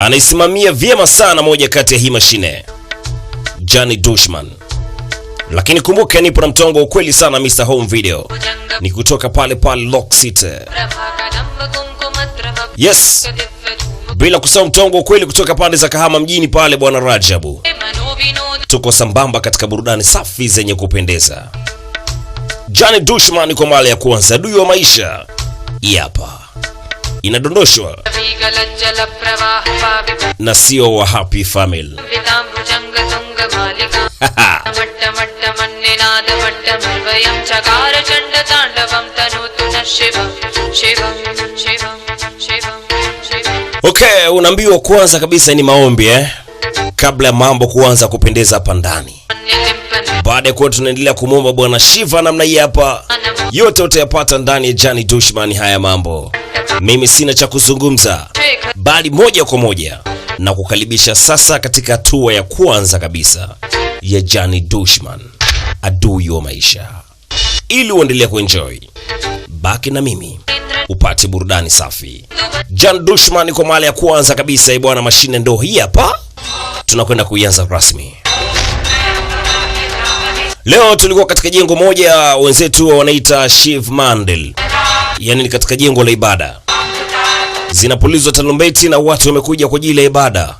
anaisimamia vyema sana moja kati ya hii mashine Jani Dushman, lakini kumbuke nipo na mtongo ukweli sana. Mr Home Video ni kutoka pale pale City. Yes, bila kusahau mtongo ukweli kutoka pande za Kahama mjini pale, bwana Rajabu. Tuko sambamba katika burudani safi zenye kupendeza. Jani Dushman kwa mara ya kwanza, dui wa maisha hapa inadondoshwa na sio wa Happy Family. Okay, unaambiwa kwanza kabisa ni maombi eh, kabla ya mambo kuanza kupendeza hapa ndani. Baada ya kuwa tunaendelea kumwomba Bwana Shiva namna hii hapa, yote utayapata ndani ya Jani Dushman haya mambo mimi sina cha kuzungumza, bali moja kwa moja na kukaribisha sasa katika hatua ya kwanza kabisa ya Jani Dushman, adui wa maisha. Ili uendelee kuenjoy, baki na mimi upate burudani safi. Jan Dushman kwa mara ya kwanza kabisa, ibwana, eh mashine ndo hii hapa, tunakwenda kuianza rasmi. Leo tulikuwa katika jengo moja, wenzetu wanaita Shiv Mandel, yaani ni katika jengo la ibada zinapulizwa tarumbeti na watu wamekuja kwa ajili ya ibada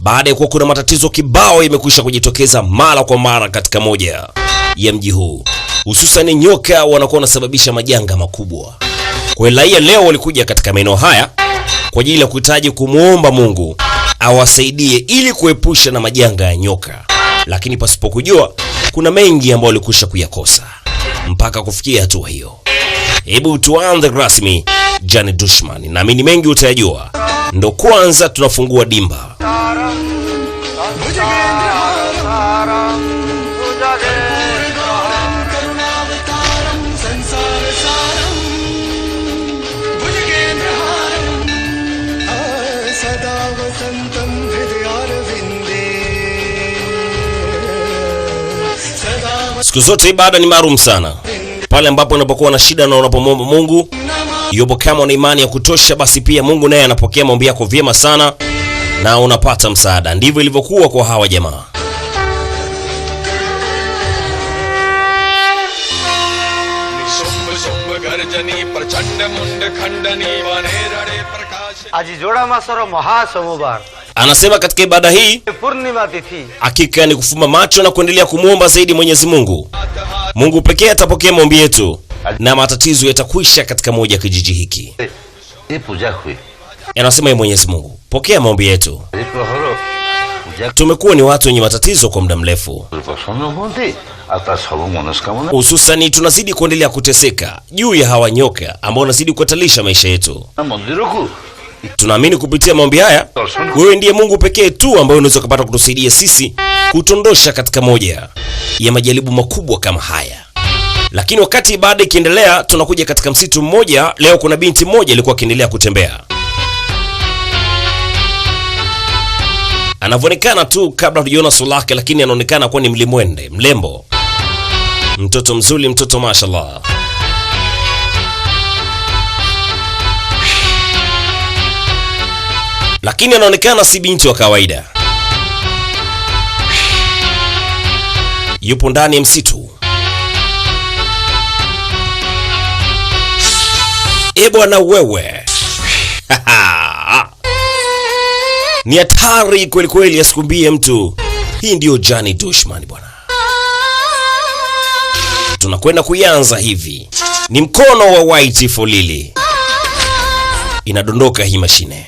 baada ya kuwa kuna matatizo kibao yamekwisha kujitokeza mara kwa mara katika moja ya mji huu, hususani nyoka wanakuwa wanasababisha majanga makubwa. Kwa hiyo raia leo walikuja katika maeneo haya kwa ajili ya kuhitaji kumwomba Mungu awasaidie ili kuepusha na majanga ya nyoka, lakini pasipokujua kuna mengi ambayo walikwisha kuyakosa mpaka kufikia hatua hiyo. Hebu tuanze rasmi Jan Dushman, naamini mengi utayajua. Ndo kwanza tunafungua dimba siku zote ibada ni maalum sana pale ambapo unapokuwa na shida na unapomwomba Mungu, iwapo kama una imani ya kutosha, basi pia Mungu naye anapokea maombi yako vyema sana na unapata msaada. Ndivyo ilivyokuwa kwa hawa jamaa. Anasema katika ibada hii hakika ni kufumba macho na kuendelea kumwomba zaidi Mwenyezi Mungu. Mungu pekee atapokea maombi yetu na matatizo yatakwisha katika moja ya kijiji hiki. Anasema ye Mwenyezi Mungu, pokea maombi yetu. Tumekuwa ni watu wenye matatizo kwa muda mrefu, hususani tunazidi kuendelea kuteseka juu ya hawa nyoka ambao wanazidi kukatalisha maisha yetu. Tunaamini kupitia maombi haya, wewe ndiye Mungu pekee tu ambaye unaweza kupata kutusaidia sisi kutondosha katika moja ya majaribu makubwa kama haya. Lakini wakati ibada ikiendelea, tunakuja katika msitu mmoja. Leo kuna binti mmoja alikuwa akiendelea kutembea, anavyoonekana tu kabla hatujaona sura lake, lakini anaonekana kuwa ni mlimwende, mlembo, mtoto mzuri, mtoto mashallah. Lakini anaonekana si binti wa kawaida. yupo ndani ya msitu. E bwana wewe, ni hatari kweli kweli, asikumbie mtu. Hii ndiyo Jani Dushman bwana, tunakwenda kuianza hivi. Ni mkono wa White Folili, inadondoka hii mashine.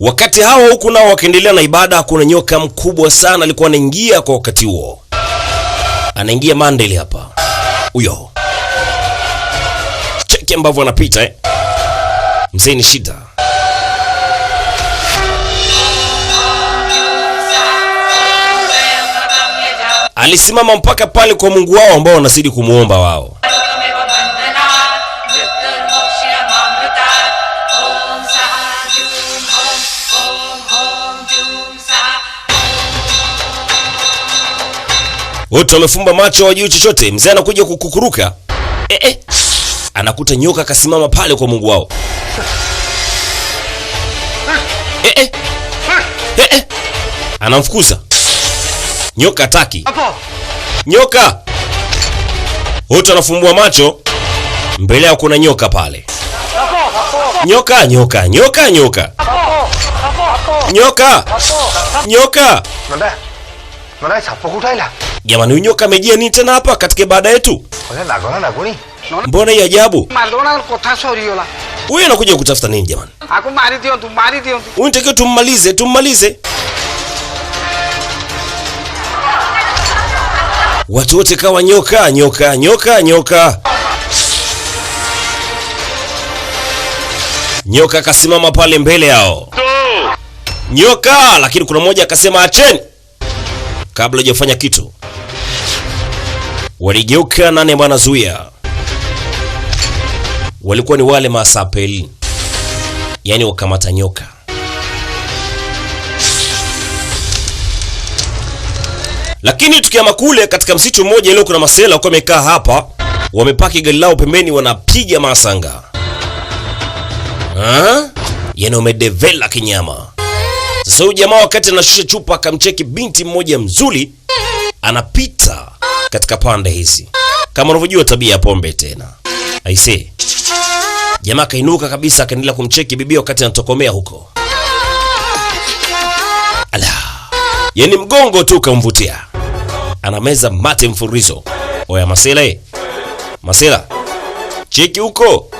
Wakati hao huku nao wakiendelea na ibada, kuna nyoka mkubwa sana alikuwa anaingia kwa wakati huo, anaingia Mandeli hapa, huyo cheki ambavyo anapita eh. Mzee ni shida alisimama mpaka pale kwa Mungu wao ambao wanazidi kumwomba wao. wote wamefumba macho, wajui chochote. Mzee anakuja kukukuruka e -e. Anakuta nyoka kasimama pale kwa Mungu wao e -e. E -e. Anamfukuza nyoka, ataki nyoka, wote wanafumbua macho, mbele yao kuna nyoka pale nyoka nyoka nyoka nyoka nyoka nyoka Jamani, huyu nyoka amejia nini tena hapa katika baada yetu? Mbona hii ajabu? Huyu anakuja kutafuta nini jamani? Huyu nitakiwa tummalize, tummalize. Watu wote kawa nyoka, nyoka, nyoka, nyoka. Nyoka akasimama pale mbele yao. Nyoka, lakini kuna mmoja akasema acheni kabla hajafanya kitu. Waligeuka nane wanazuia, walikuwa ni wale masapeli, yaani wakamata nyoka. Lakini tukiama kule katika msitu mmoja, leo kuna masela wakiwa wamekaa hapa, wamepaki gari lao pembeni, wanapiga masanga, yaani wamedevela kinyama sasa huyu jamaa wakati anashusha chupa akamcheki binti mmoja mzuri anapita katika pande hizi, kama unavyojua tabia ya pombe tena. see. jamaa kainuka kabisa, akaendelea kumcheki bibi wakati anatokomea huko. Ala, Yaani mgongo tu kamvutia anameza mate mfurizo. Oya Masela, eh Masela, cheki huko.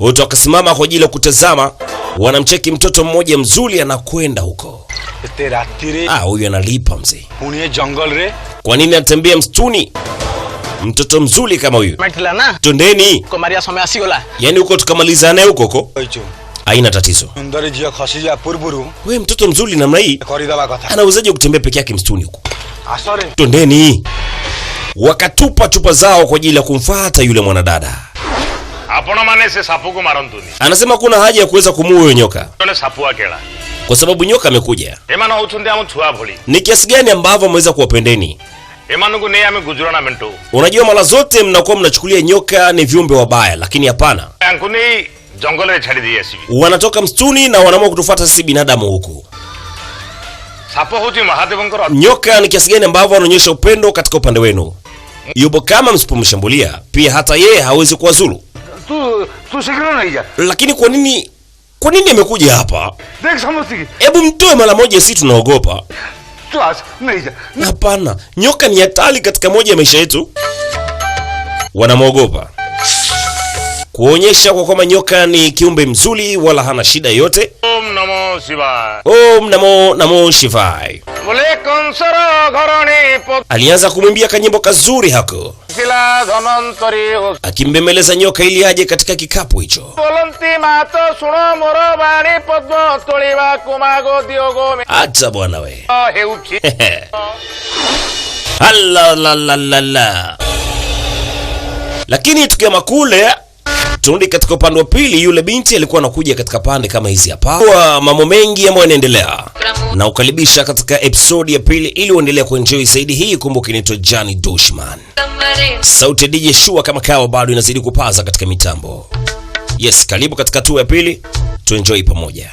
Wote wakasimama kwa ajili ya kutazama wanamcheki mtoto mmoja mzuri anakwenda huko. Ah, huyu analipa mzee. Kwa nini anatembea msituni? Mtoto mzuri kama huyu, tundeni. Yaani huko tukamaliza naye huko huko, haina tatizo. We mtoto mzuri namna hii anawezaje kutembea peke yake msituni huko? Ah, tundeni. Wakatupa chupa zao kwa ajili ya kumfuata yule mwanadada. ଆପଣମାନେ ସେ ସାପକୁ ମାରନ୍ତୁନି anasema kuna haja ya kuweza kumuua huyo nyoka ଜଣେ sapu କେଳା kwa sababu nyoka amekuja. na ହେଉଛନ୍ତି amu tuwa ଭଳି Ni kiasi gani ambavyo mweza kuwapendeni? Ema ne ame ଆମେ na ମେଣ୍ଟୁ Unajua, mala zote mnakuwa mnachukulia nyoka ni viumbe wabaya, lakini hapana, ୟାଙ୍କୁ ନେଇ le ଛାଡ଼ି ଦେଇ ଆସିବି wanatoka mstuni na wanaamua kutufata sisi binadamu huku. ସାପ huti ମହାଦେବଙ୍କର ଅତି- Nyoka ni kiasi gani ambavyo anaonyesha upendo katika upande wenu, Yubo kama msipomshambulia, pia hata yeye hawezi kuwazulu tushikiane hija. Lakini kwa nini kwa nini amekuja hapa? Hebu mtoe mara moja, si tunaogopa. Hapana, nyoka ni hatari katika moja ya maisha yetu, wanamwogopa kuonyesha kwa kwamba nyoka ni kiumbe mzuri wala hana shida yote. Om namo Om namo namo Alianza kumwimbia kanyimbo kazuri hako akimbembeleza nyoka ili aje katika kikapu hicho. Acha bwana we Alalalala. Ah, ah. Lakini tukiama kule Mtungi katika upande wa pili, yule binti alikuwa anakuja katika pande kama hizi hapa, kwa mambo mengi ambayo yanaendelea na ukaribisha katika episodi ya pili ili uendelee kuenjoy zaidi hii. Kumbuka inaitwa Jani Dushman, sauti ya DJ Shua kama kawa bado inazidi kupaza katika mitambo. Yes, karibu katika hatua ya pili, tuenjoy pamoja.